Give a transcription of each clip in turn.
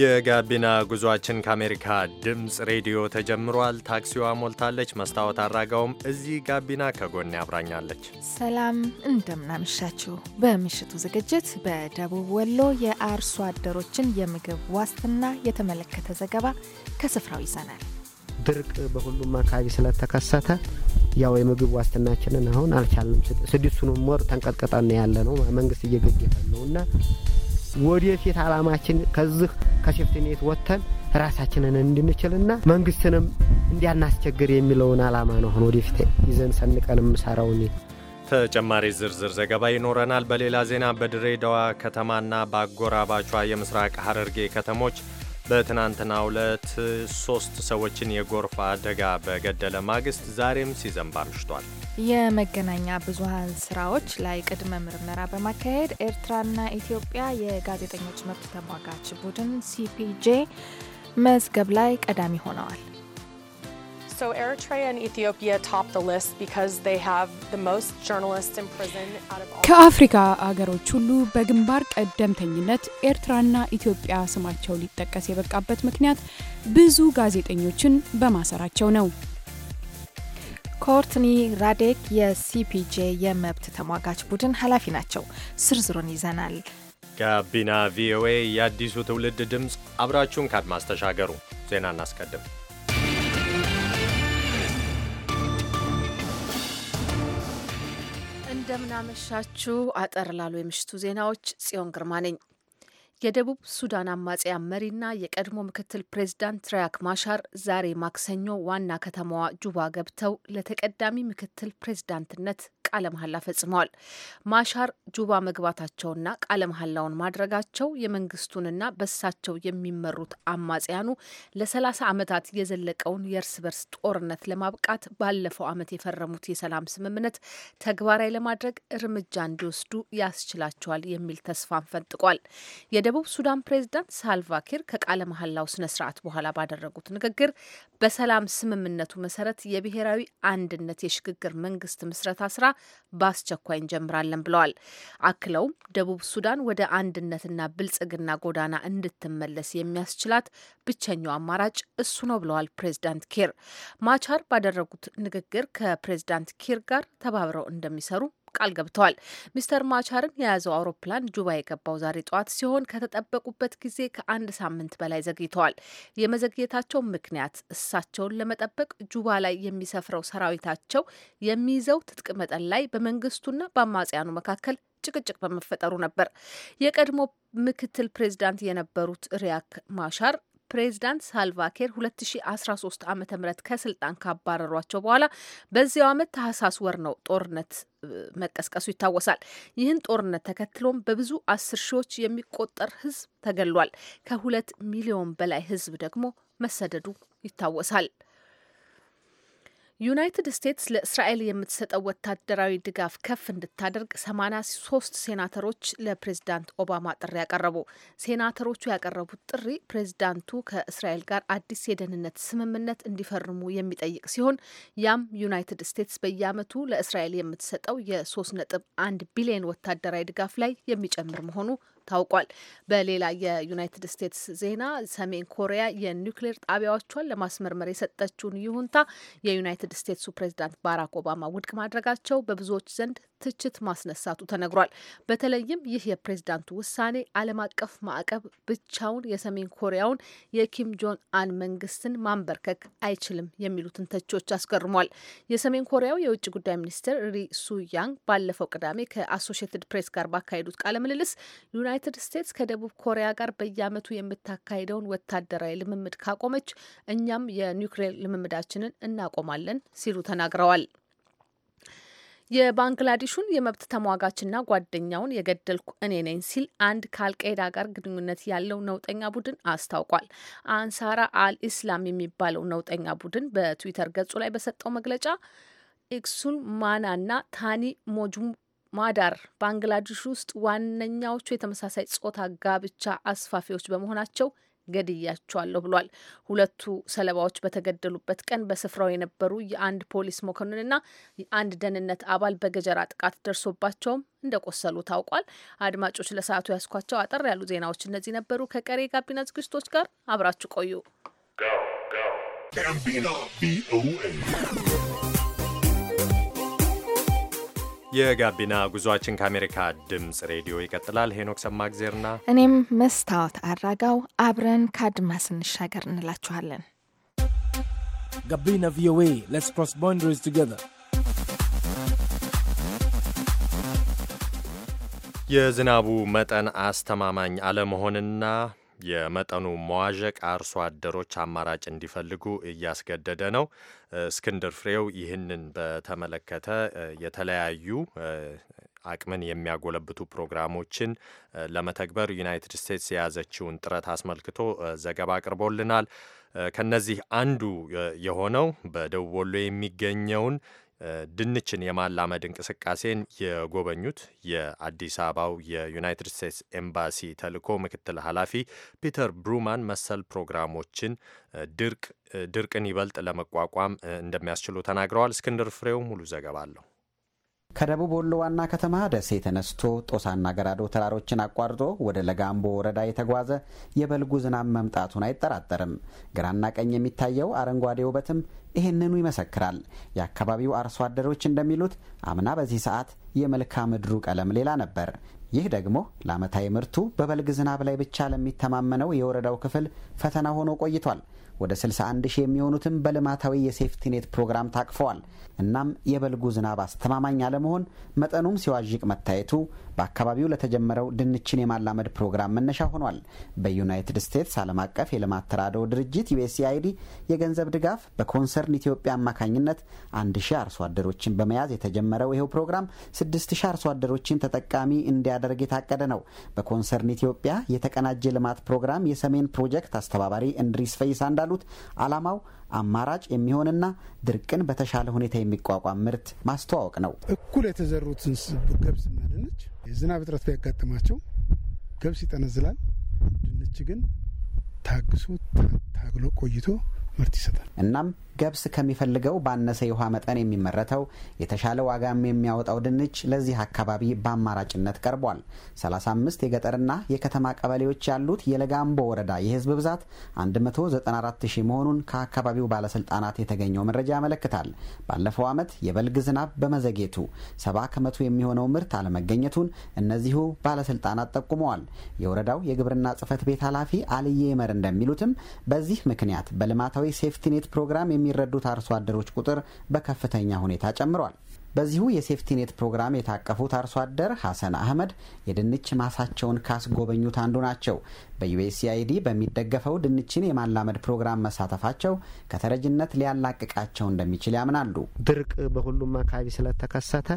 የጋቢና ጉዟችን ከአሜሪካ ድምፅ ሬዲዮ ተጀምሯል። ታክሲዋ ሞልታለች። መስታወት አራጋውም እዚህ ጋቢና ከጎን አብራኛለች። ሰላም እንደምናመሻችሁ። በምሽቱ ዝግጅት በደቡብ ወሎ የአርሶ አደሮችን የምግብ ዋስትና የተመለከተ ዘገባ ከስፍራው ይዘናል። ድርቅ በሁሉም አካባቢ ስለተከሰተ ያው የምግብ ዋስትናችንን አሁን አልቻለም። ስድስቱንም ወር ተንቀጥቀጠን ያለ ነው። መንግስት እየገገፈን ነው እና ወደፊት አላማችን ከዚህ ከሴፍትኔት ወጥተን ራሳችንን እንድንችልና መንግስትንም እንዲያናስቸግር የሚለውን አላማ ነው አሁን ወደፊት ይዘን ሰንቀን የምሰራውን። ተጨማሪ ዝርዝር ዘገባ ይኖረናል። በሌላ ዜና በድሬዳዋ ከተማና በአጎራባቿ የምስራቅ ሀረርጌ ከተሞች በትናንትና ዕለት ሶስት ሰዎችን የጎርፍ አደጋ በገደለ ማግስት ዛሬም ሲዘንባ ምሽቷል። የመገናኛ ብዙሀን ስራዎች ላይ ቅድመ ምርመራ በማካሄድ ኤርትራና ኢትዮጵያ የጋዜጠኞች መብት ተሟጋች ቡድን ሲፒጄ መዝገብ ላይ ቀዳሚ ሆነዋል። ከአፍሪካ አገሮች ሁሉ በግንባር ቀደምተኝነት ኤርትራና ኢትዮጵያ ስማቸው ሊጠቀስ የበቃበት ምክንያት ብዙ ጋዜጠኞችን በማሰራቸው ነው። ኮርትኒ ራዴክ የሲፒጄ የመብት ተሟጋች ቡድን ኃላፊ ናቸው። ዝርዝሩን ይዘናል። ጋቢና ቪኦኤ የአዲሱ ትውልድ ድምፅ፣ አብራችሁን ካድማስ ተሻገሩ። ዜና እናስቀድም። እንደምናመሻችሁ አጠር ላሉ የምሽቱ ዜናዎች ጽዮን ግርማ ነኝ። የደቡብ ሱዳን አማጽያን መሪና የቀድሞ ምክትል ፕሬዚዳንት ሪያክ ማሻር ዛሬ ማክሰኞ ዋና ከተማዋ ጁባ ገብተው ለተቀዳሚ ምክትል ፕሬዚዳንትነት ቃለ መሐላ ፈጽመዋል። ማሻር ጁባ መግባታቸውና ቃለ መሐላውን ማድረጋቸው የመንግስቱንና በሳቸው የሚመሩት አማጽያኑ ለሰላሳ ዓመታት የዘለቀውን የእርስ በርስ ጦርነት ለማብቃት ባለፈው ዓመት የፈረሙት የሰላም ስምምነት ተግባራዊ ለማድረግ እርምጃ እንዲወስዱ ያስችላቸዋል የሚል ተስፋን ፈንጥቋል። የደቡብ ሱዳን ፕሬዝዳንት ሳልቫኪር ከቃለ መሐላው ስነ ስርዓት በኋላ ባደረጉት ንግግር በሰላም ስምምነቱ መሰረት የብሔራዊ አንድነት የሽግግር መንግስት ምስረታ ስራ በአስቸኳይ እንጀምራለን ብለዋል። አክለውም ደቡብ ሱዳን ወደ አንድነትና ብልጽግና ጎዳና እንድትመለስ የሚያስችላት ብቸኛው አማራጭ እሱ ነው ብለዋል ፕሬዚዳንት ኪር። ማቻር ባደረጉት ንግግር ከፕሬዚዳንት ኪር ጋር ተባብረው እንደሚሰሩ ቃል ገብተዋል። ሚስተር ማቻርን የያዘው አውሮፕላን ጁባ የገባው ዛሬ ጠዋት ሲሆን ከተጠበቁበት ጊዜ ከአንድ ሳምንት በላይ ዘግይተዋል። የመዘግየታቸው ምክንያት እሳቸውን ለመጠበቅ ጁባ ላይ የሚሰፍረው ሰራዊታቸው የሚይዘው ትጥቅ መጠን ላይ በመንግስቱና በአማጽያኑ መካከል ጭቅጭቅ በመፈጠሩ ነበር። የቀድሞ ምክትል ፕሬዚዳንት የነበሩት ሪያክ ማሻር ፕሬዚዳንት ሳልቫኪር 2013 ዓ ም ከስልጣን ካባረሯቸው በኋላ በዚያው ዓመት ታህሳስ ወር ነው ጦርነት መቀስቀሱ ይታወሳል። ይህን ጦርነት ተከትሎም በብዙ አስር ሺዎች የሚቆጠር ህዝብ ተገሏል። ከሁለት ሚሊዮን በላይ ህዝብ ደግሞ መሰደዱ ይታወሳል። ዩናይትድ ስቴትስ ለእስራኤል የምትሰጠው ወታደራዊ ድጋፍ ከፍ እንድታደርግ 83 ሴናተሮች ለፕሬዝዳንት ኦባማ ጥሪ ያቀረቡ። ሴናተሮቹ ያቀረቡት ጥሪ ፕሬዚዳንቱ ከእስራኤል ጋር አዲስ የደህንነት ስምምነት እንዲፈርሙ የሚጠይቅ ሲሆን ያም ዩናይትድ ስቴትስ በየዓመቱ ለእስራኤል የምትሰጠው የ3.1 ቢሊዮን ወታደራዊ ድጋፍ ላይ የሚጨምር መሆኑ ታውቋል። በሌላ የዩናይትድ ስቴትስ ዜና ሰሜን ኮሪያ የኒውክሌር ጣቢያዎቿን ለማስመርመር የሰጠችውን ይሁንታ የዩናይትድ ስቴትሱ ፕሬዚዳንት ባራክ ኦባማ ውድቅ ማድረጋቸው በብዙዎች ዘንድ ትችት ማስነሳቱ ተነግሯል። በተለይም ይህ የፕሬዝዳንቱ ውሳኔ ዓለም አቀፍ ማዕቀብ ብቻውን የሰሜን ኮሪያውን የኪም ጆን አን መንግስትን ማንበርከክ አይችልም የሚሉትን ተቾች አስገርሟል። የሰሜን ኮሪያው የውጭ ጉዳይ ሚኒስትር ሪ ሱያንግ ባለፈው ቅዳሜ ከአሶሽትድ ፕሬስ ጋር ባካሄዱት ቃለ ምልልስ ዩናይትድ ስቴትስ ከደቡብ ኮሪያ ጋር በየዓመቱ የምታካሄደውን ወታደራዊ ልምምድ ካቆመች እኛም የኒውክሌር ልምምዳችንን እናቆማለን ሲሉ ተናግረዋል። የባንግላዴሹን የመብት ተሟጋችና ጓደኛውን የገደልኩ እኔ ነኝ ሲል አንድ ከአልቃይዳ ጋር ግንኙነት ያለው ነውጠኛ ቡድን አስታውቋል። አንሳራ አልኢስላም የሚባለው ነውጠኛ ቡድን በትዊተር ገጹ ላይ በሰጠው መግለጫ ኢክሱል ማናና ታኒ ሞጁም ማዳር ባንግላዴሽ ውስጥ ዋነኛዎቹ የተመሳሳይ ጾታ ጋብቻ አስፋፊዎች በመሆናቸው ገድያቸዋለሁ ብሏል። ሁለቱ ሰለባዎች በተገደሉበት ቀን በስፍራው የነበሩ የአንድ ፖሊስ መኮንንና የአንድ ደህንነት አባል በገጀራ ጥቃት ደርሶባቸውም እንደቆሰሉ ታውቋል። አድማጮች ለሰዓቱ ያስኳቸው አጠር ያሉ ዜናዎች እነዚህ ነበሩ። ከቀሪ የጋቢና ዝግጅቶች ጋር አብራችሁ ቆዩ። የጋቢና ጉዟችን ከአሜሪካ ድምፅ ሬዲዮ ይቀጥላል። ሄኖክ ሰማግዜርና እኔም መስታወት አራጋው አብረን ከአድማስ እንሻገር እንላችኋለን። ጋቢና ቪኦኤ ሌትስ ክሮስ ቦንደሪስ ቱጌዘር። የዝናቡ መጠን አስተማማኝ አለመሆንና የመጠኑ መዋዠቅ አርሶ አደሮች አማራጭ እንዲፈልጉ እያስገደደ ነው። እስክንድር ፍሬው ይህንን በተመለከተ የተለያዩ አቅምን የሚያጎለብቱ ፕሮግራሞችን ለመተግበር ዩናይትድ ስቴትስ የያዘችውን ጥረት አስመልክቶ ዘገባ አቅርቦልናል። ከነዚህ አንዱ የሆነው በደቡብ ወሎ የሚገኘውን ድንችን የማላመድ እንቅስቃሴን የጎበኙት የአዲስ አበባው የዩናይትድ ስቴትስ ኤምባሲ ተልኮ ምክትል ኃላፊ ፒተር ብሩማን መሰል ፕሮግራሞችን ድርቅ ድርቅን ይበልጥ ለመቋቋም እንደሚያስችሉ ተናግረዋል። እስክንድር ፍሬው ሙሉ ዘገባ አለው። ከደቡብ ወሎ ዋና ከተማ ደሴ ተነስቶ ጦሳና ገራዶ ተራሮችን አቋርጦ ወደ ለጋምቦ ወረዳ የተጓዘ የበልጉ ዝናብ መምጣቱን አይጠራጠርም። ግራና ቀኝ የሚታየው አረንጓዴ ውበትም ይህንኑ ይመሰክራል። የአካባቢው አርሶ አደሮች እንደሚሉት አምና በዚህ ሰዓት የመልክዓ ምድሩ ቀለም ሌላ ነበር። ይህ ደግሞ ለዓመታዊ ምርቱ በበልግ ዝናብ ላይ ብቻ ለሚተማመነው የወረዳው ክፍል ፈተና ሆኖ ቆይቷል። ወደ 61 ሺህ የሚሆኑትም በልማታዊ የሴፍቲኔት ፕሮግራም ታቅፈዋል። እናም የበልጉ ዝናብ አስተማማኝ አለመሆን መጠኑም ሲዋዥቅ መታየቱ በአካባቢው ለተጀመረው ድንችን የማላመድ ፕሮግራም መነሻ ሆኗል። በዩናይትድ ስቴትስ ዓለም አቀፍ የልማት ተራድኦ ድርጅት ዩኤስኤአይዲ የገንዘብ ድጋፍ በኮንሰርን ኢትዮጵያ አማካኝነት አንድ ሺህ አርሶ አደሮችን በመያዝ የተጀመረው ይኸው ፕሮግራም ስድስት ሺህ አርሶ አደሮችን ተጠቃሚ እንዲያደርግ የታቀደ ነው። በኮንሰርን ኢትዮጵያ የተቀናጀ ልማት ፕሮግራም የሰሜን ፕሮጀክት አስተባባሪ እንድሪስ ፈይሳ እንዳሉት ዓላማው አማራጭ የሚሆንና ድርቅን በተሻለ ሁኔታ የሚቋቋም ምርት ማስተዋወቅ ነው። እኩል የተዘሩትን ገብስና ድንች የዝናብ እጥረት ቢያጋጥማቸው ገብስ ይጠነዝላል። ድንች ግን ታግሶ ታግሎ ቆይቶ ምርት ይሰጣል። እናም ገብስ ከሚፈልገው ባነሰ የውሃ መጠን የሚመረተው የተሻለ ዋጋም የሚያወጣው ድንች ለዚህ አካባቢ በአማራጭነት ቀርቧል። 35 የገጠርና የከተማ ቀበሌዎች ያሉት የለጋምቦ ወረዳ የህዝብ ብዛት 194 መሆኑን ከአካባቢው ባለስልጣናት የተገኘው መረጃ ያመለክታል። ባለፈው ዓመት የበልግ ዝናብ በመዘግየቱ 70 ከመቶ የሚሆነው ምርት አለመገኘቱን እነዚሁ ባለስልጣናት ጠቁመዋል። የወረዳው የግብርና ጽህፈት ቤት ኃላፊ አልዬ መር እንደሚሉትም በዚህ ምክንያት በልማታዊ ሴፍቲኔት ፕሮግራም የሚ የሚረዱት አርሶ አደሮች ቁጥር በከፍተኛ ሁኔታ ጨምሯል። በዚሁ የሴፍቲኔት ፕሮግራም የታቀፉት አርሶ አደር ሐሰን አህመድ የድንች ማሳቸውን ካስጎበኙት አንዱ ናቸው። በዩኤስአይዲ በሚደገፈው ድንችን የማላመድ ፕሮግራም መሳተፋቸው ከተረጅነት ሊያላቅቃቸው እንደሚችል ያምናሉ። ድርቅ በሁሉም አካባቢ ስለተከሰተ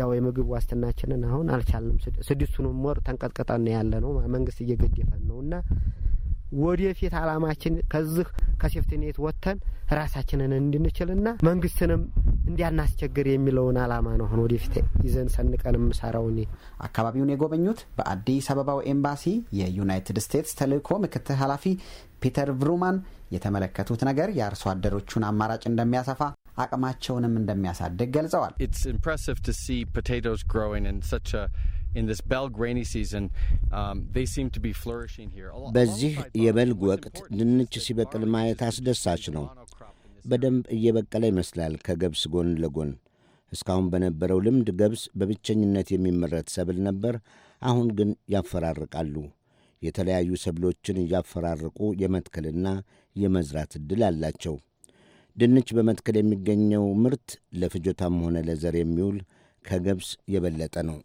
ያው የምግብ ዋስትናችንን አሁን አልቻለም። ስድስቱንም ወር ተንቀጥቀጠን ያለ ነው። መንግስት እየገደፈን ነው እና ወደፊት አላማችን ከዚህ ከሴፍቲኔት ወጥተን ራሳችንን እንድንችልና መንግስትንም እንዲያናስቸግር የሚለውን አላማ ነው አሁን ወደፊት ይዘን ሰንቀን የምሰራው። እኔ አካባቢውን የጎበኙት በአዲስ አበባው ኤምባሲ የዩናይትድ ስቴትስ ተልእኮ ምክትል ኃላፊ ፒተር ቭሩማን የተመለከቱት ነገር የአርሶ አደሮቹን አማራጭ እንደሚያሰፋ አቅማቸውንም እንደሚያሳድግ ገልጸዋል። Um, በዚህ የበልግ ወቅት ድንች ሲበቅል ማየት አስደሳች ነው። በደንብ እየበቀለ ይመስላል ከገብስ ጎን ለጎን። እስካሁን በነበረው ልምድ ገብስ በብቸኝነት የሚመረት ሰብል ነበር። አሁን ግን ያፈራርቃሉ። የተለያዩ ሰብሎችን እያፈራርቁ የመትከልና የመዝራት ዕድል አላቸው። ድንች በመትከል የሚገኘው ምርት ለፍጆታም ሆነ ለዘር የሚውል ከገብስ የበለጠ ነው።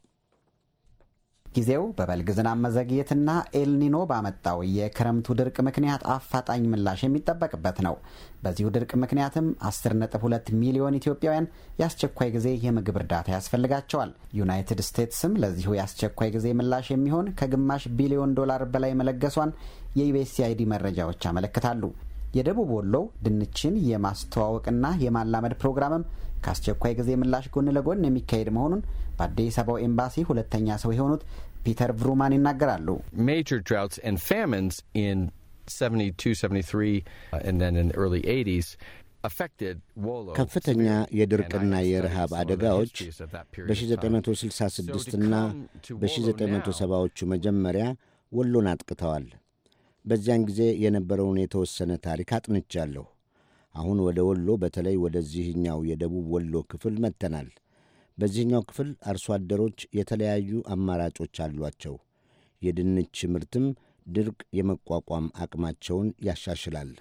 ጊዜው በበልግ ዝናብ መዘግየትና ኤልኒኖ ባመጣው የክረምቱ ድርቅ ምክንያት አፋጣኝ ምላሽ የሚጠበቅበት ነው። በዚሁ ድርቅ ምክንያትም 10.2 ሚሊዮን ኢትዮጵያውያን የአስቸኳይ ጊዜ የምግብ እርዳታ ያስፈልጋቸዋል። ዩናይትድ ስቴትስም ለዚሁ የአስቸኳይ ጊዜ ምላሽ የሚሆን ከግማሽ ቢሊዮን ዶላር በላይ መለገሷን የዩኤስአይዲ መረጃዎች ያመለክታሉ። የደቡብ ወሎው ድንችን የማስተዋወቅና የማላመድ ፕሮግራምም ከአስቸኳይ ጊዜ ምላሽ ጎን ለጎን የሚካሄድ መሆኑን በአዲስ አበባው ኤምባሲ ሁለተኛ ሰው የሆኑት ፒተር ቭሩማን ይናገራሉ። ከፍተኛ የድርቅና የረሃብ አደጋዎች በ1966ና በ1970ዎቹ መጀመሪያ ወሎን አጥቅተዋል። በዚያን ጊዜ የነበረውን የተወሰነ ታሪክ አጥንቻለሁ። አሁን ወደ ወሎ በተለይ ወደዚህኛው የደቡብ ወሎ ክፍል መጥተናል። በዚህኛው ክፍል አርሶ አደሮች የተለያዩ አማራጮች አሏቸው። የድንች ምርትም ድርቅ የመቋቋም አቅማቸውን ያሻሽላል።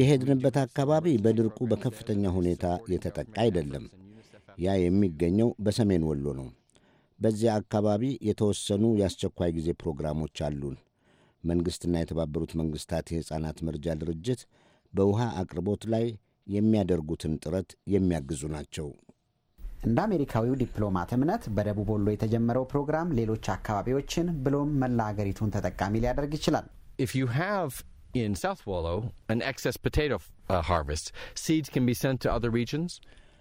የሄድንበት አካባቢ በድርቁ በከፍተኛ ሁኔታ የተጠቃ አይደለም። ያ የሚገኘው በሰሜን ወሎ ነው። በዚያ አካባቢ የተወሰኑ የአስቸኳይ ጊዜ ፕሮግራሞች አሉን። መንግሥትና የተባበሩት መንግሥታት የሕፃናት መርጃ ድርጅት በውሃ አቅርቦት ላይ የሚያደርጉትን ጥረት የሚያግዙ ናቸው። እንደ አሜሪካዊው ዲፕሎማት እምነት በደቡብ ወሎ የተጀመረው ፕሮግራም ሌሎች አካባቢዎችን ብሎም መላ አገሪቱን ተጠቃሚ ሊያደርግ ይችላል። uh,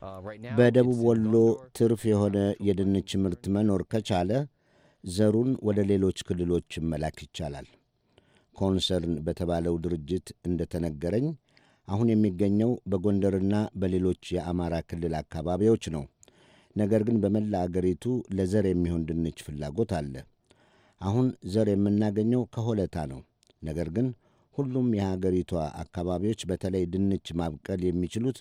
uh, በደቡብ ወሎ ትርፍ የሆነ የድንች ምርት መኖር ከቻለ ዘሩን ወደ ሌሎች ክልሎች መላክ ይቻላል። ኮንሰርን በተባለው ድርጅት እንደተነገረኝ አሁን የሚገኘው በጎንደርና በሌሎች የአማራ ክልል አካባቢዎች ነው። ነገር ግን በመላ አገሪቱ ለዘር የሚሆን ድንች ፍላጎት አለ። አሁን ዘር የምናገኘው ከሆለታ ነው። ነገር ግን ሁሉም የሀገሪቷ አካባቢዎች በተለይ ድንች ማብቀል የሚችሉት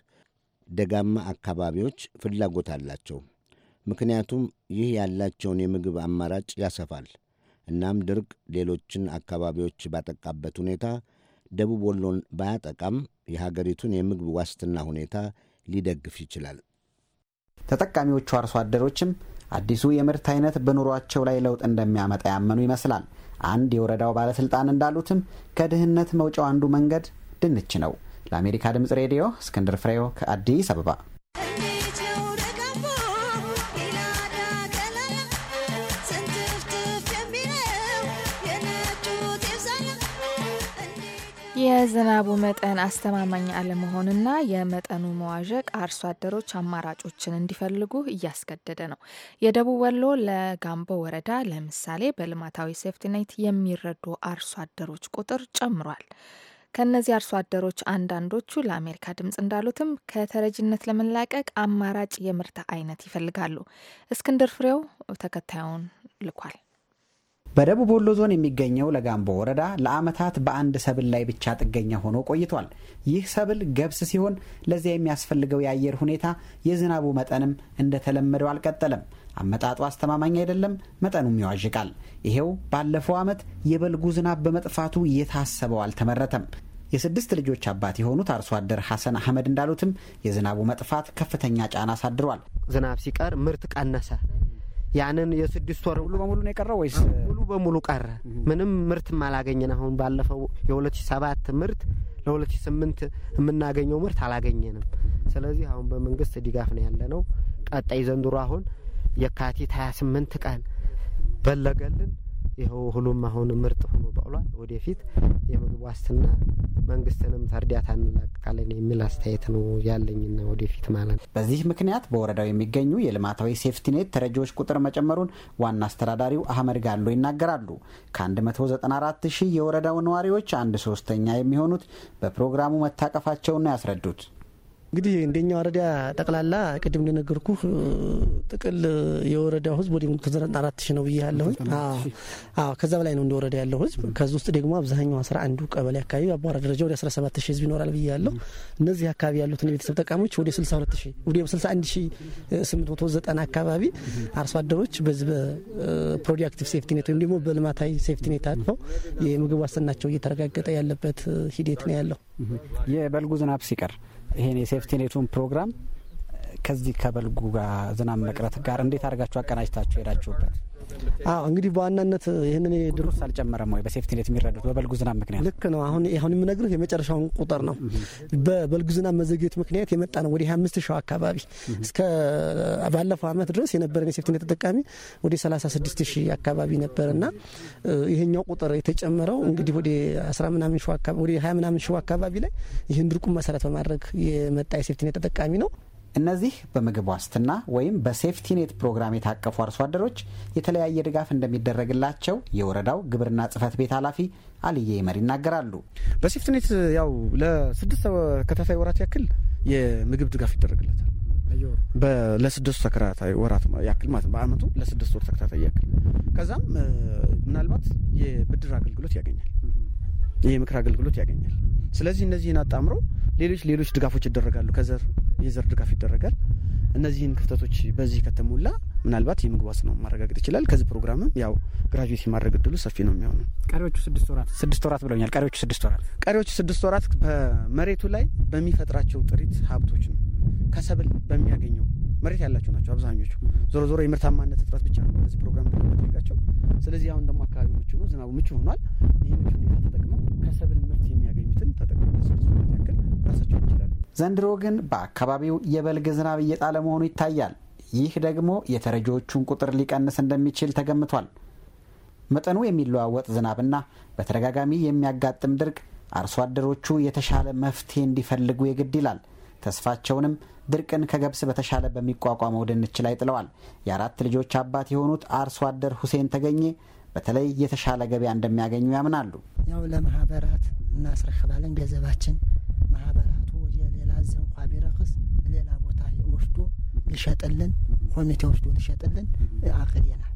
ደጋማ አካባቢዎች ፍላጎት አላቸው። ምክንያቱም ይህ ያላቸውን የምግብ አማራጭ ያሰፋል። እናም ድርቅ ሌሎችን አካባቢዎች ባጠቃበት ሁኔታ ደቡብ ወሎን ባያጠቃም የሀገሪቱን የምግብ ዋስትና ሁኔታ ሊደግፍ ይችላል። ተጠቃሚዎቹ አርሶ አደሮችም አዲሱ የምርት አይነት በኑሯቸው ላይ ለውጥ እንደሚያመጣ ያመኑ ይመስላል። አንድ የወረዳው ባለስልጣን እንዳሉትም ከድህነት መውጫው አንዱ መንገድ ድንች ነው። ለአሜሪካ ድምፅ ሬዲዮ እስክንድር ፍሬው ከአዲስ አበባ የዝናቡ መጠን አስተማማኝ አለመሆንና የመጠኑ መዋዠቅ አርሶ አደሮች አማራጮችን እንዲፈልጉ እያስገደደ ነው። የደቡብ ወሎ ለጋምቦ ወረዳ ለምሳሌ በልማታዊ ሴፍቲኔት የሚረዱ አርሶ አደሮች ቁጥር ጨምሯል። ከእነዚህ አርሶ አደሮች አንዳንዶቹ ለአሜሪካ ድምፅ እንዳሉትም ከተረጅነት ለመላቀቅ አማራጭ የምርት አይነት ይፈልጋሉ። እስክንድር ፍሬው ተከታዩን ልኳል። በደቡብ ወሎ ዞን የሚገኘው ለጋምቦ ወረዳ ለዓመታት በአንድ ሰብል ላይ ብቻ ጥገኛ ሆኖ ቆይቷል። ይህ ሰብል ገብስ ሲሆን ለዚያ የሚያስፈልገው የአየር ሁኔታ፣ የዝናቡ መጠንም እንደተለመደው አልቀጠለም። አመጣጡ አስተማማኝ አይደለም፣ መጠኑም ይዋዥቃል። ይሄው ባለፈው ዓመት የበልጉ ዝናብ በመጥፋቱ የታሰበው አልተመረተም። የስድስት ልጆች አባት የሆኑት አርሶ አደር ሐሰን አህመድ እንዳሉትም የዝናቡ መጥፋት ከፍተኛ ጫና አሳድሯል። ዝናብ ሲቀር ምርት ቀነሰ። ያንን የስድስት ወር ሙሉ በሙሉ ነው የቀረው ወይስ ሙሉ በሙሉ ቀረ? ምንም ምርትም አላገኘን። አሁን ባለፈው የሁለት ሺ ሰባት ምርት ለሁለት ሺ ስምንት የምናገኘው ምርት አላገኘንም። ስለዚህ አሁን በመንግስት ድጋፍ ነው ያለ ነው። ቀጣይ ዘንድሮ አሁን የካቲት ሀያ ስምንት ቀን በለገልን ይኸው ሁሉም አሁን ምርጥ ሆኖ በቅሏል። ወደፊት የምግብ ዋስትና መንግስትንም ተርዳታ እንላቀቃለን የሚል አስተያየት ነው ያለኝና ወደፊት ማለት ነው። በዚህ ምክንያት በወረዳው የሚገኙ የልማታዊ ሴፍቲኔት ተረጂዎች ቁጥር መጨመሩን ዋና አስተዳዳሪው አህመድ ጋሎ ይናገራሉ። ከ194 ሺህ የወረዳው ነዋሪዎች አንድ ሶስተኛ የሚሆኑት በፕሮግራሙ መታቀፋቸውን ነው ያስረዱት። እንግዲህ እንደኛ ወረዳ ጠቅላላ ቅድም እንደነገርኩ ጥቅል የወረዳው ህዝብ ወደ ከዘጠና አራት ሺ ነው ብዬ ያለሁኝ። ከዛ በላይ ነው እንደ ወረዳ ያለው ህዝብ። ከዚ ውስጥ ደግሞ አብዛኛው አስራ አንዱ ቀበሌ አካባቢ አቧራ ደረጃ ወደ አስራ ሰባት ሺ ህዝብ ይኖራል ብዬ ያለው። እነዚህ አካባቢ ያሉት የቤተሰብ ጠቃሚዎች ወደ ስልሳ ሁለት ሺ ወደ ስልሳ አንድ ሺ ስምንት መቶ ዘጠና አካባቢ አርሶ አደሮች በዚህ በፕሮዳክቲቭ ሴፍቲኔት ወይም ደግሞ በልማታዊ ሴፍቲኔት አቅፈው የምግብ ዋስትናቸው እየተረጋገጠ ያለበት ሂደት ነው ያለው የበልጉ ዝናብ ሲቀር ይሄን የሴፍቲ ኔቱን ፕሮግራም ከዚህ ከበልጉ ጋር ዝናብ መቅረት ጋር እንዴት አድርጋችሁ አቀናጅታችሁ ሄዳችሁበት? እንግዲህ በዋናነት ይህንን ድሮስ አልጨመረም ወይ በሴፍቲኔት የሚረዱት በበልጉ ዝናብ ምክንያት? ልክ ነው። አሁን አሁን የምነግርህ የመጨረሻውን ቁጥር ነው። በበልጉ ዝናብ መዘግየት ምክንያት የመጣ ነው። ወደ 25 ሺህ አካባቢ እስከ ባለፈው አመት ድረስ የነበረን የሴፍቲኔት ተጠቃሚ ወደ 36 ሺህ አካባቢ ነበር እና ይሄኛው ቁጥር የተጨመረው እንግዲህ ወደ 10 ምናምን ሺህ አካባቢ ወደ 20 ምናምን ሺህ አካባቢ ላይ ይህን ድርቁን መሰረት በማድረግ የመጣ የሴፍቲኔት ተጠቃሚ ነው። እነዚህ በምግብ ዋስትና ወይም በሴፍቲኔት ፕሮግራም የታቀፉ አርሶ አደሮች የተለያየ ድጋፍ እንደሚደረግላቸው የወረዳው ግብርና ጽህፈት ቤት ኃላፊ አልዬ መሪ ይናገራሉ። በሴፍቲኔት ያው ለስድስት ተከታታይ ወራት ያክል የምግብ ድጋፍ ይደረግለታል። ለስድስት ተከታታይ ወራት ያክል ማለት በአመቱ ለስድስት ወር ተከታታይ ያክል ከዛም ምናልባት የብድር አገልግሎት ያገኛል። የምክር አገልግሎት ያገኛል። ስለዚህ እነዚህን አጣምሮ ሌሎች ሌሎች ድጋፎች ይደረጋሉ። ከዘር የዘር ድጋፍ ይደረጋል። እነዚህን ክፍተቶች በዚህ ከተሞላ ምናልባት የምግብ ዋስትናውን ማረጋገጥ ይችላል። ከዚህ ፕሮግራምም ያው ግራጁዌት የማድረግ እድሉ ሰፊ ነው የሚሆነው። ቀሪዎቹ ስድስት ወራት ስድስት ወራት ብለውኛል። ቀሪዎቹ ስድስት ወራት ቀሪዎቹ ስድስት ወራት በመሬቱ ላይ በሚፈጥራቸው ጥሪት ሀብቶች ነው ከሰብል በሚያገኘው መሬት ያላቸው ናቸው አብዛኞቹ። ዞሮ ዞሮ የምርታማነት እጥረት ብቻ ነው በዚህ ፕሮግራም የሚያደርጋቸው። ስለዚህ አሁን ደግሞ አካባቢ ምቹ ነው፣ ዝናቡ ምቹ ሆኗል። ይህ ምቹ ሁኔታ ተጠቅመው ከሰብል ምርት የሚያገኙትን ተጠቅመው ያክል ራሳቸው ይችላሉ። ዘንድሮ ግን በአካባቢው የበልግ ዝናብ እየጣለ መሆኑ ይታያል። ይህ ደግሞ የተረጂዎቹን ቁጥር ሊቀንስ እንደሚችል ተገምቷል። መጠኑ የሚለዋወጥ ዝናብና በተደጋጋሚ የሚያጋጥም ድርቅ አርሶ አደሮቹ የተሻለ መፍትሄ እንዲፈልጉ የግድ ይላል። ተስፋቸውንም ድርቅን ከገብስ በተሻለ በሚቋቋመው ድንች ላይ ጥለዋል። የአራት ልጆች አባት የሆኑት አርሶ አደር ሁሴን ተገኘ በተለይ የተሻለ ገበያ እንደሚያገኙ ያምናሉ። ያው ለማህበራት እናስረክባለን ገንዘባችን ማህበራቱ ወደ ሌላ ዘንኳ ቢረክስ ሌላ ቦታ ወስዶ ሊሸጥልን ኮሚቴ ወስዶ ሊሸጥልን አቅዴናል።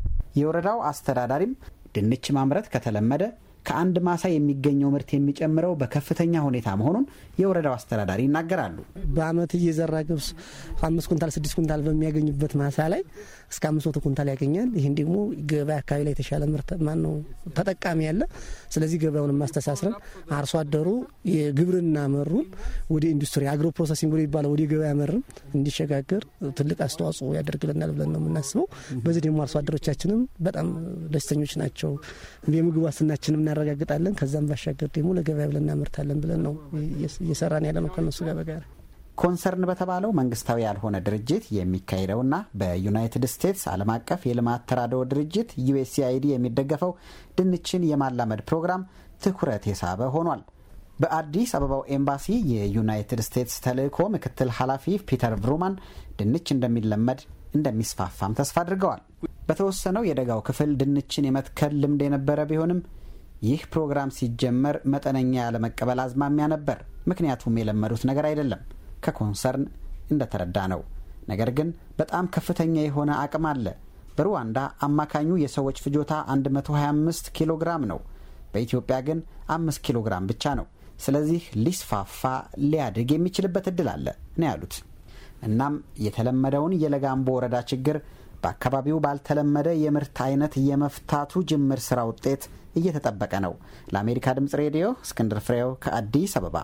የወረዳው አስተዳዳሪም ድንች ማምረት ከተለመደ ከአንድ ማሳ የሚገኘው ምርት የሚጨምረው በከፍተኛ ሁኔታ መሆኑን የወረዳው አስተዳዳሪ ይናገራሉ። በአመት እየዘራ ገብስ አምስት ኩንታል ስድስት ኩንታል በሚያገኙበት ማሳ ላይ እስከ አምስት መቶ ኩንታል ያገኛል። ይህን ደግሞ ገበያ አካባቢ ላይ የተሻለ ምርት ማን ነው ተጠቃሚ ያለ። ስለዚህ ገበያውን ማስተሳስረን አርሶ አደሩ የግብርና መሩን ወደ ኢንዱስትሪ አግሮ ፕሮሰሲንግ ብሎ ይባላል ወደ ገበያ መርም እንዲሸጋገር ትልቅ አስተዋጽኦ ያደርግልናል ብለን ነው የምናስበው። በዚህ ደግሞ አርሶ አደሮቻችንም በጣም ደስተኞች ናቸው። የምግብ ዋስትናችንም እናረጋግጣለን። ከዛም ባሻገር ደግሞ ለገበያ ብለን እናመርታለን ብለን ነው እየሰራን ያለ ነው ከነሱ ጋር በጋር ኮንሰርን በተባለው መንግስታዊ ያልሆነ ድርጅት የሚካሄደውና በዩናይትድ ስቴትስ ዓለም አቀፍ የልማት ተራድኦ ድርጅት ዩኤስኤአይዲ የሚደገፈው ድንችን የማላመድ ፕሮግራም ትኩረት የሳበ ሆኗል። በአዲስ አበባው ኤምባሲ የዩናይትድ ስቴትስ ተልእኮ ምክትል ኃላፊ ፒተር ብሩማን ድንች እንደሚለመድ እንደሚስፋፋም ተስፋ አድርገዋል። በተወሰነው የደጋው ክፍል ድንችን የመትከል ልምድ የነበረ ቢሆንም ይህ ፕሮግራም ሲጀመር መጠነኛ ያለመቀበል አዝማሚያ ነበር። ምክንያቱም የለመዱት ነገር አይደለም። ከኮንሰርን እንደተረዳ ነው። ነገር ግን በጣም ከፍተኛ የሆነ አቅም አለ። በሩዋንዳ አማካኙ የሰዎች ፍጆታ 125 ኪሎ ግራም ነው። በኢትዮጵያ ግን 5 ኪሎ ግራም ብቻ ነው። ስለዚህ ሊስፋፋ ሊያድግ የሚችልበት እድል አለ ነው ያሉት። እናም የተለመደውን የለጋምቦ ወረዳ ችግር በአካባቢው ባልተለመደ የምርት አይነት የመፍታቱ ጅምር ስራ ውጤት እየተጠበቀ ነው። ለአሜሪካ ድምፅ ሬዲዮ እስክንድር ፍሬው ከአዲስ አበባ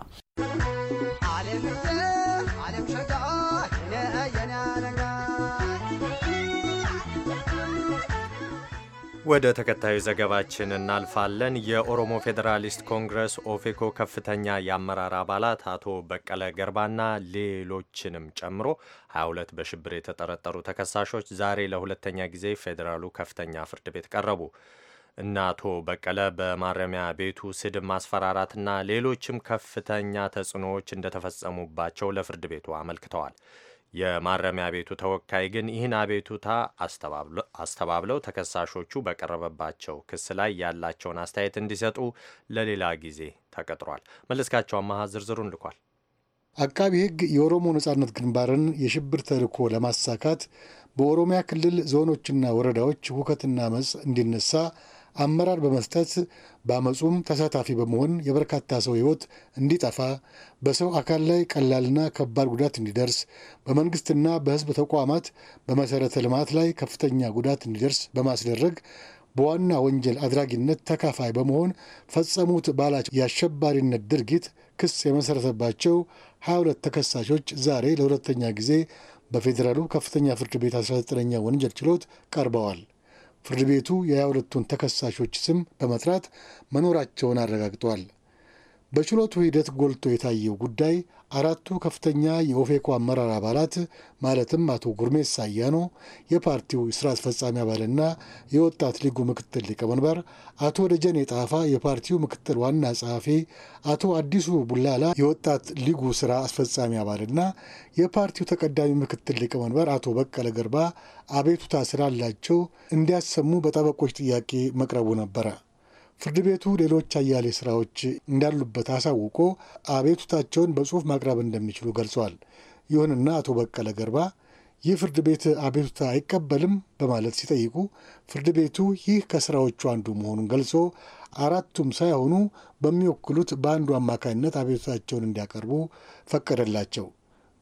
ወደ ተከታዩ ዘገባችን እናልፋለን። የኦሮሞ ፌዴራሊስት ኮንግረስ ኦፌኮ ከፍተኛ የአመራር አባላት አቶ በቀለ ገርባና ሌሎችንም ጨምሮ 22 በሽብር የተጠረጠሩ ተከሳሾች ዛሬ ለሁለተኛ ጊዜ ፌዴራሉ ከፍተኛ ፍርድ ቤት ቀረቡ። እነ አቶ በቀለ በማረሚያ ቤቱ ስድብ፣ ማስፈራራትና ሌሎችም ከፍተኛ ተጽዕኖዎች እንደተፈጸሙባቸው ለፍርድ ቤቱ አመልክተዋል። የማረሚያ ቤቱ ተወካይ ግን ይህን አቤቱታ አስተባብለው ተከሳሾቹ በቀረበባቸው ክስ ላይ ያላቸውን አስተያየት እንዲሰጡ ለሌላ ጊዜ ተቀጥሯል። መለስካቸው አመሃ ዝርዝሩን ልኳል። አቃቢ ሕግ የኦሮሞ ነጻነት ግንባርን የሽብር ተልኮ ለማሳካት በኦሮሚያ ክልል ዞኖችና ወረዳዎች ሁከትና መጽ እንዲነሳ አመራር በመስጠት በአመፁም ተሳታፊ በመሆን የበርካታ ሰው ህይወት እንዲጠፋ በሰው አካል ላይ ቀላልና ከባድ ጉዳት እንዲደርስ በመንግስትና በህዝብ ተቋማት በመሠረተ ልማት ላይ ከፍተኛ ጉዳት እንዲደርስ በማስደረግ በዋና ወንጀል አድራጊነት ተካፋይ በመሆን ፈጸሙት ባላቸው የአሸባሪነት ድርጊት ክስ የመሠረተባቸው 22 ተከሳሾች ዛሬ ለሁለተኛ ጊዜ በፌዴራሉ ከፍተኛ ፍርድ ቤት 19ኛ ወንጀል ችሎት ቀርበዋል። ፍርድ ቤቱ የሃያ ተከሳሾች ስም በመጥራት መኖራቸውን አረጋግጧል። በችሎቱ ሂደት ጎልቶ የታየው ጉዳይ አራቱ ከፍተኛ የኦፌኮ አመራር አባላት ማለትም አቶ ጉርሜሳ አያኖ የፓርቲው ስራ አስፈጻሚ አባልና የወጣት ሊጉ ምክትል ሊቀመንበር፣ አቶ ደጀኔ ጣፋ የፓርቲው ምክትል ዋና ጸሐፊ፣ አቶ አዲሱ ቡላላ የወጣት ሊጉ ስራ አስፈጻሚ አባልና የፓርቲው ተቀዳሚ ምክትል ሊቀመንበር አቶ በቀለ ገርባ አቤቱታ ስላላቸው እንዲያሰሙ በጠበቆች ጥያቄ መቅረቡ ነበረ። ፍርድ ቤቱ ሌሎች አያሌ ስራዎች እንዳሉበት አሳውቆ አቤቱታቸውን በጽሁፍ ማቅረብ እንደሚችሉ ገልጿል። ይሁንና አቶ በቀለ ገርባ ይህ ፍርድ ቤት አቤቱታ አይቀበልም በማለት ሲጠይቁ ፍርድ ቤቱ ይህ ከስራዎቹ አንዱ መሆኑን ገልጾ አራቱም ሳይሆኑ በሚወክሉት በአንዱ አማካኝነት አቤቱታቸውን እንዲያቀርቡ ፈቀደላቸው።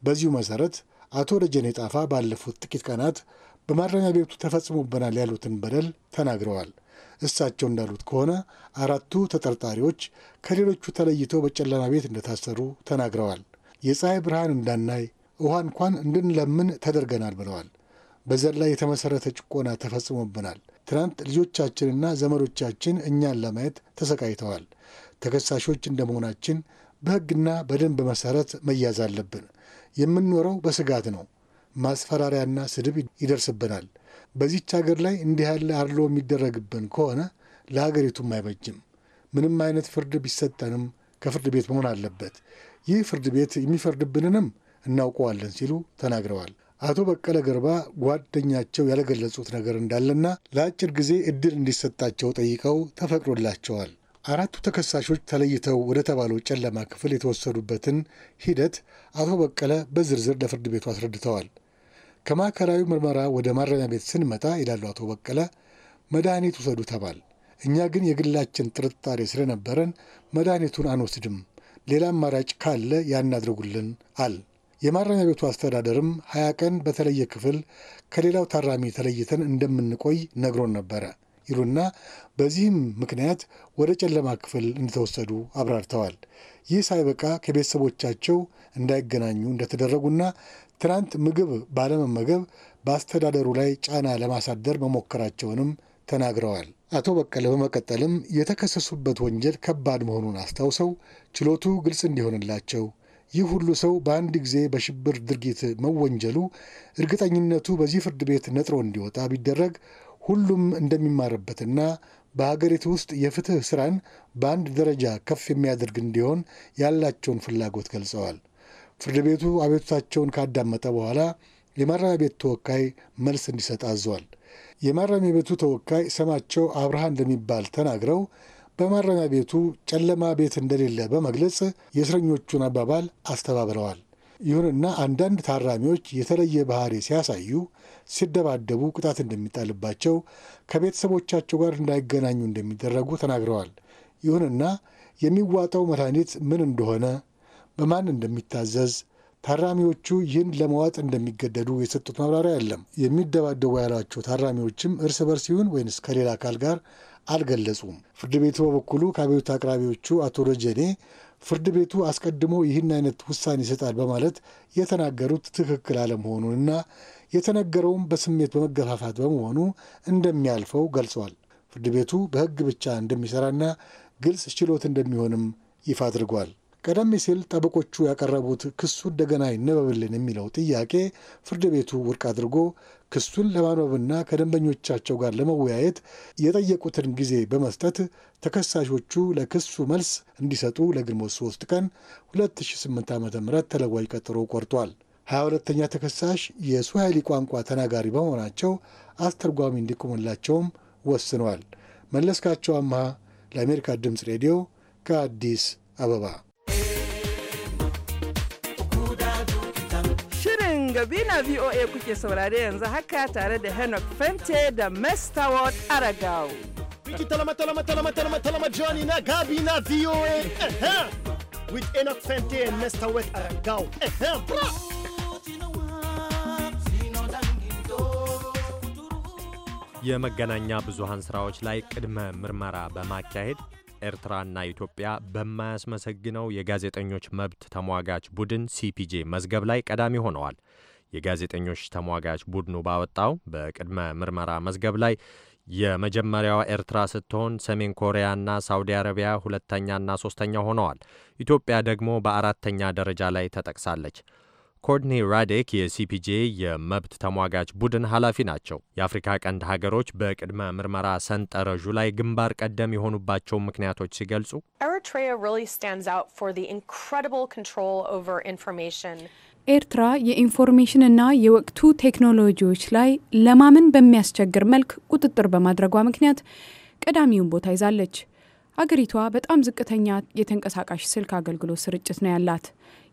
በዚሁ መሰረት አቶ ደጀኔ ጣፋ ባለፉት ጥቂት ቀናት በማረሚያ ቤቱ ተፈጽሞብናል ያሉትን በደል ተናግረዋል። እሳቸው እንዳሉት ከሆነ አራቱ ተጠርጣሪዎች ከሌሎቹ ተለይተው በጨለማ ቤት እንደታሰሩ ተናግረዋል። የፀሐይ ብርሃን እንዳናይ ውሃ እንኳን እንድንለምን ተደርገናል ብለዋል። በዘር ላይ የተመሠረተ ጭቆና ተፈጽሞብናል። ትናንት ልጆቻችንና ዘመዶቻችን እኛን ለማየት ተሰቃይተዋል። ተከሳሾች እንደመሆናችን በሕግና በደንብ መሠረት መያዝ አለብን። የምንኖረው በስጋት ነው። ማስፈራሪያና ስድብ ይደርስብናል። በዚች ሀገር ላይ እንዲህ ያለ አድሎ የሚደረግብን ከሆነ ለሀገሪቱም አይበጅም። ምንም አይነት ፍርድ ቢሰጠንም ከፍርድ ቤት መሆን አለበት። ይህ ፍርድ ቤት የሚፈርድብንንም እናውቀዋለን ሲሉ ተናግረዋል። አቶ በቀለ ገርባ ጓደኛቸው ያለገለጹት ነገር እንዳለና ለአጭር ጊዜ እድል እንዲሰጣቸው ጠይቀው ተፈቅዶላቸዋል። አራቱ ተከሳሾች ተለይተው ወደ ተባለው ጨለማ ክፍል የተወሰዱበትን ሂደት አቶ በቀለ በዝርዝር ለፍርድ ቤቱ አስረድተዋል። ከማዕከላዊ ምርመራ ወደ ማረሚያ ቤት ስንመጣ ይላሉ አቶ በቀለ፣ መድኃኒት ውሰዱ ተባል። እኛ ግን የግላችን ጥርጣሬ ስለነበረን መድኃኒቱን አንወስድም፣ ሌላ አማራጭ ካለ ያናድርጉልን አል። የማረሚያ ቤቱ አስተዳደርም ሀያ ቀን በተለየ ክፍል ከሌላው ታራሚ ተለይተን እንደምንቆይ ነግሮን ነበረ ይሉና በዚህም ምክንያት ወደ ጨለማ ክፍል እንደተወሰዱ አብራርተዋል። ይህ ሳይበቃ ከቤተሰቦቻቸው እንዳይገናኙ እንደተደረጉና ትናንት ምግብ ባለመመገብ በአስተዳደሩ ላይ ጫና ለማሳደር መሞከራቸውንም ተናግረዋል። አቶ በቀለ በመቀጠልም የተከሰሱበት ወንጀል ከባድ መሆኑን አስታውሰው ችሎቱ ግልጽ እንዲሆንላቸው ይህ ሁሉ ሰው በአንድ ጊዜ በሽብር ድርጊት መወንጀሉ እርግጠኝነቱ በዚህ ፍርድ ቤት ነጥሮ እንዲወጣ ቢደረግ ሁሉም እንደሚማርበትና በሀገሪቱ ውስጥ የፍትህ ስራን በአንድ ደረጃ ከፍ የሚያደርግ እንዲሆን ያላቸውን ፍላጎት ገልጸዋል። ፍርድ ቤቱ አቤቱታቸውን ካዳመጠ በኋላ የማረሚያ ቤት ተወካይ መልስ እንዲሰጥ አዟል። የማረሚያ ቤቱ ተወካይ ስማቸው አብርሃ እንደሚባል ተናግረው በማረሚያ ቤቱ ጨለማ ቤት እንደሌለ በመግለጽ የእስረኞቹን አባባል አስተባብለዋል። ይሁንና አንዳንድ ታራሚዎች የተለየ ባህሪ ሲያሳዩ፣ ሲደባደቡ ቅጣት እንደሚጣልባቸው፣ ከቤተሰቦቻቸው ጋር እንዳይገናኙ እንደሚደረጉ ተናግረዋል። ይሁንና የሚዋጣው መድኃኒት ምን እንደሆነ በማን እንደሚታዘዝ ታራሚዎቹ ይህን ለመዋጥ እንደሚገደዱ የሰጡት ማብራሪያ የለም። የሚደባደቡ ያሏቸው ታራሚዎችም እርስ በርስ ይሁን ወይንስ ከሌላ አካል ጋር አልገለጹም። ፍርድ ቤቱ በበኩሉ ከአቤቱታ አቅራቢዎቹ አቶ ደጀኔ ፍርድ ቤቱ አስቀድሞ ይህን አይነት ውሳኔ ይሰጣል በማለት የተናገሩት ትክክል አለመሆኑንና የተነገረውም በስሜት በመገፋፋት በመሆኑ እንደሚያልፈው ገልጿል። ፍርድ ቤቱ በሕግ ብቻ እንደሚሰራና ግልጽ ችሎት እንደሚሆንም ይፋ አድርጓል። ቀደም ሲል ጠበቆቹ ያቀረቡት ክሱ እንደገና ይነበብልን የሚለው ጥያቄ ፍርድ ቤቱ ውድቅ አድርጎ ክሱን ለማንበብና ከደንበኞቻቸው ጋር ለመወያየት የጠየቁትን ጊዜ በመስጠት ተከሳሾቹ ለክሱ መልስ እንዲሰጡ ለግንቦት 3 ቀን 2008 ዓ ም ተለዋጅ ቀጠሮ ቆርጧል። 22ተኛ ተከሳሽ የሱሃሊ ቋንቋ ተናጋሪ በመሆናቸው አስተርጓሚ እንዲቆምላቸውም ወስነዋል። መለስካቸው አምሃ ለአሜሪካ ድምፅ ሬዲዮ ከአዲስ አበባ Shirin Gabina VOA kuke saurare yanzu haka tare da Henok Fente da Ward Aragao. Wiki talama talama talama talama talama Johnny na Gabina VOA. With Henok Fente and Ward Aragao. የመገናኛ ብዙሃን ስራዎች ላይ ቅድመ ምርመራ በማካሄድ ኤርትራና ኢትዮጵያ በማያስመሰግነው የጋዜጠኞች መብት ተሟጋች ቡድን ሲፒጄ መዝገብ ላይ ቀዳሚ ሆነዋል። የጋዜጠኞች ተሟጋች ቡድኑ ባወጣው በቅድመ ምርመራ መዝገብ ላይ የመጀመሪያዋ ኤርትራ ስትሆን ሰሜን ኮሪያና ሳውዲ አረቢያ ሁለተኛና ሶስተኛ ሆነዋል። ኢትዮጵያ ደግሞ በአራተኛ ደረጃ ላይ ተጠቅሳለች። ኮርድኔ ራዴክ የሲፒጄ የመብት ተሟጋች ቡድን ኃላፊ ናቸው። የአፍሪካ ቀንድ ሀገሮች በቅድመ ምርመራ ሰንጠረዡ ላይ ግንባር ቀደም የሆኑባቸው ምክንያቶች ሲገልጹ ኤርትራ የኢንፎርሜሽንና የወቅቱ ቴክኖሎጂዎች ላይ ለማመን በሚያስቸግር መልክ ቁጥጥር በማድረጓ ምክንያት ቀዳሚውን ቦታ ይዛለች። አገሪቷ በጣም ዝቅተኛ የተንቀሳቃሽ ስልክ አገልግሎት ስርጭት ነው ያላት።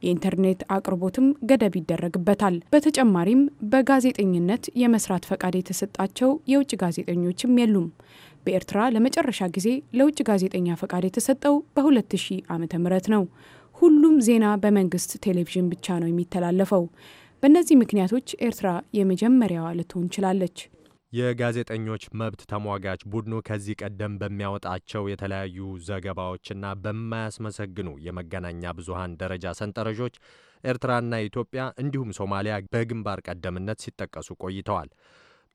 የኢንተርኔት አቅርቦትም ገደብ ይደረግበታል። በተጨማሪም በጋዜጠኝነት የመስራት ፈቃድ የተሰጣቸው የውጭ ጋዜጠኞችም የሉም። በኤርትራ ለመጨረሻ ጊዜ ለውጭ ጋዜጠኛ ፈቃድ የተሰጠው በ2000 ዓ ምህረት ነው። ሁሉም ዜና በመንግስት ቴሌቪዥን ብቻ ነው የሚተላለፈው። በእነዚህ ምክንያቶች ኤርትራ የመጀመሪያዋ ልትሆን ችላለች። የጋዜጠኞች መብት ተሟጋች ቡድኑ ከዚህ ቀደም በሚያወጣቸው የተለያዩ ዘገባዎችና በማያስመሰግኑ የመገናኛ ብዙሃን ደረጃ ሰንጠረዦች ኤርትራና ኢትዮጵያ እንዲሁም ሶማሊያ በግንባር ቀደምትነት ሲጠቀሱ ቆይተዋል።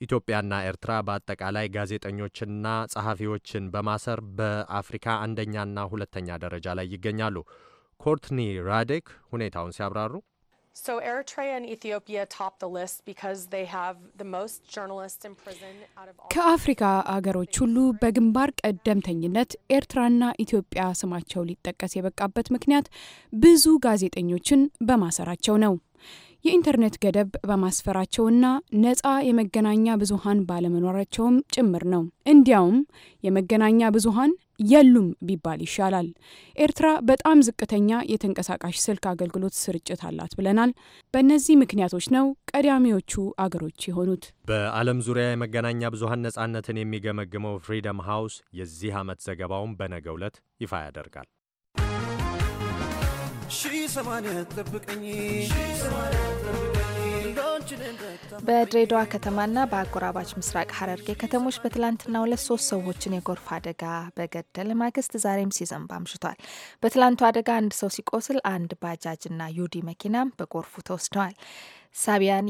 ኢትዮጵያና ኤርትራ በአጠቃላይ ጋዜጠኞችና ጸሐፊዎችን በማሰር በአፍሪካ አንደኛና ሁለተኛ ደረጃ ላይ ይገኛሉ። ኮርትኒ ራዴክ ሁኔታውን ሲያብራሩ So Eritrea and Ethiopia top the list because they have the most journalists in prison out of all ከአፍሪካ አገሮች ሁሉ በግንባር ቀደምተኝነት ኤርትራና ኢትዮጵያ ስማቸው ሊጠቀስ የበቃበት ምክንያት ብዙ ጋዜጠኞችን በማሰራቸው ነው። የኢንተርኔት ገደብ በማስፈራቸውና ነፃ የመገናኛ ብዙሃን ባለመኖራቸውም ጭምር ነው። እንዲያውም የመገናኛ ብዙሃን የሉም ቢባል ይሻላል። ኤርትራ በጣም ዝቅተኛ የተንቀሳቃሽ ስልክ አገልግሎት ስርጭት አላት ብለናል። በእነዚህ ምክንያቶች ነው ቀዳሚዎቹ አገሮች የሆኑት። በዓለም ዙሪያ የመገናኛ ብዙሀን ነጻነትን የሚገመግመው ፍሪደም ሃውስ የዚህ ዓመት ዘገባውን በነገ ዕለት ይፋ ያደርጋል። ሺ ሰማንያ ጠብቀኝ በድሬዳዋ ከተማና በአጎራባች ምስራቅ ሀረርጌ ከተሞች በትላንትና ሁለት ሶስት ሰዎችን የጎርፍ አደጋ በገደለ ማግስት ዛሬም ሲዘንብ አምሽቷል። በትላንቱ አደጋ አንድ ሰው ሲቆስል፣ አንድ ባጃጅና ዩዲ መኪናም በጎርፉ ተወስደዋል። ሳቢያን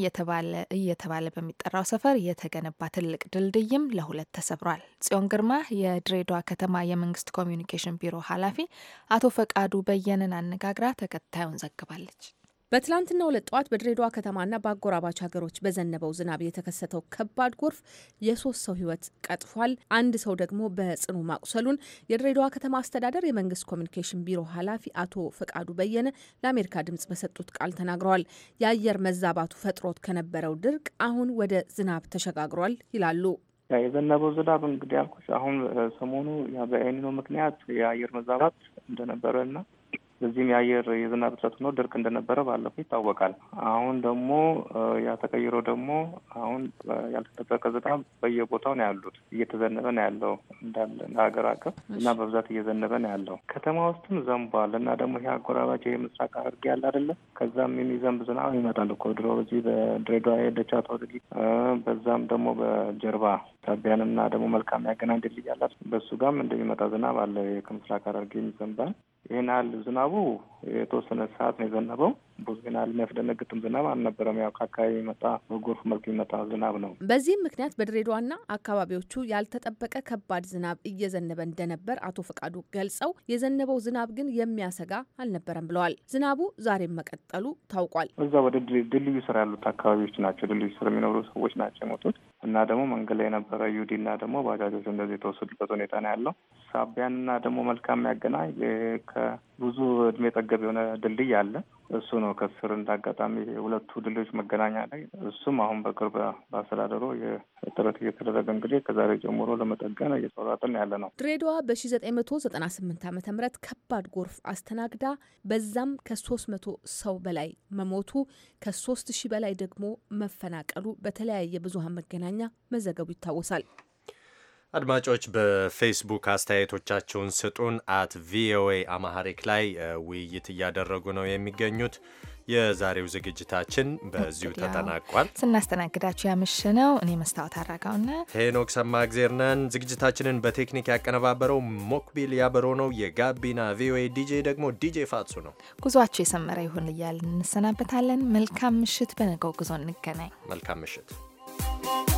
እየተባለ በሚጠራው ሰፈር የተገነባ ትልቅ ድልድይም ለሁለት ተሰብሯል። ጽዮን ግርማ የድሬዳዋ ከተማ የመንግስት ኮሚዩኒኬሽን ቢሮ ኃላፊ አቶ ፈቃዱ በየነን አነጋግራ ተከታዩን ዘግባለች። በትላንትና ሁለት ጠዋት በድሬዳዋ ከተማና በአጎራባች ሀገሮች በዘነበው ዝናብ የተከሰተው ከባድ ጎርፍ የሶስት ሰው ህይወት ቀጥፏል። አንድ ሰው ደግሞ በጽኑ ማቁሰሉን የድሬዳዋ ከተማ አስተዳደር የመንግስት ኮሚኒኬሽን ቢሮ ኃላፊ አቶ ፈቃዱ በየነ ለአሜሪካ ድምጽ በሰጡት ቃል ተናግረዋል። የአየር መዛባቱ ፈጥሮት ከነበረው ድርቅ አሁን ወደ ዝናብ ተሸጋግሯል ይላሉ። የዘነበው ዝናብ እንግዲህ ያልኩሽ አሁን ሰሞኑ በኤልኒኖ ምክንያት የአየር መዛባት እንደነበረ እና በዚህም የአየር የዝናብ እጥረት ሆኖ ድርቅ እንደነበረ ባለፈው ይታወቃል። አሁን ደግሞ ያ ተቀይሮ ደግሞ አሁን ያልተጠበቀ ዝናብ በየቦታው ነው ያሉት። እየተዘነበ ነው ያለው እንዳለ ለሀገር አቀፍ እና በብዛት እየዘነበ ነው ያለው። ከተማ ውስጥም ዘንቧል እና ደግሞ ይህ አጎራባች የምስራቅ ምስራቅ ሐረርጌ ያለ አይደለ? ከዛም የሚዘንብ ዝናብ ይመጣል እኮ ድሮ በዚህ በድሬዳዋ የደቻ ተወድጊ በዛም ደግሞ በጀርባ ሳቢያንና ደግሞ መልካም ያገናኝ ድልድይ አላት። በሱ ጋም እንደሚመጣ ዝናብ አለ ከምስራቅ ሐረርጌ የሚዘንባል ይህን ያህል ዝናቡ የተወሰነ ሰዓት ነው የዘነበው። ቡዝ ግን የሚያስደነግጥም ዝናብ አልነበረም። ያው ከአካባቢ የመጣ በጎርፍ መልክ የሚመጣ ዝናብ ነው። በዚህም ምክንያት በድሬዳዋና አካባቢዎቹ ያልተጠበቀ ከባድ ዝናብ እየዘነበ እንደነበር አቶ ፈቃዱ ገልጸው የዘነበው ዝናብ ግን የሚያሰጋ አልነበረም ብለዋል። ዝናቡ ዛሬም መቀጠሉ ታውቋል። እዛ ወደ ድልድዩ ስር ያሉት አካባቢዎች ናቸው። ድልድዩ ስር የሚኖሩ ሰዎች ናቸው የሞቱት እና ደግሞ መንገድ ላይ የነበረ ዩዲ እና ደግሞ ባጃጆች እንደዚህ የተወሰዱበት ሁኔታ ነው ያለው። ሳቢያን ሳቢያንና ደግሞ መልካም ያገናኝ ከብዙ እድሜ ጠገብ የሆነ ድልድይ አለ እሱ ነው ከስር እንዳጋጣሚ የሁለቱ ድሎች መገናኛ ላይ እሱም አሁን በቅርብ በአስተዳደሩ ጥረት እየተደረገ እንግዲህ ከዛሬ ጀምሮ ለመጠገን እየተወጣጠን ያለ ነው። ድሬዳዋ በ1998 ዓ ም ከባድ ጎርፍ አስተናግዳ በዛም ከ300 ሰው በላይ መሞቱ ከ3000 በላይ ደግሞ መፈናቀሉ በተለያየ ብዙሀን መገናኛ መዘገቡ ይታወሳል። አድማጮች በፌስቡክ አስተያየቶቻቸውን ስጡን። አት ቪኦኤ አማሐሪክ ላይ ውይይት እያደረጉ ነው የሚገኙት። የዛሬው ዝግጅታችን በዚሁ ተጠናቋል። ስናስተናግዳችሁ ያመሸነው እኔ መስታወት አራጋውና ሄኖክ ሰማ እግዜር ዝግጅታችንን በቴክኒክ ያቀነባበረው ሞክቢል ያበሮ ነው። የጋቢና ቪኦኤ ዲጄ ደግሞ ዲጄ ፋጹ ነው። ጉዟቸው የሰመረ ይሁን እያል እንሰናበታለን። መልካም ምሽት። በነገው ጉዞ እንገናኝ። መልካም ምሽት።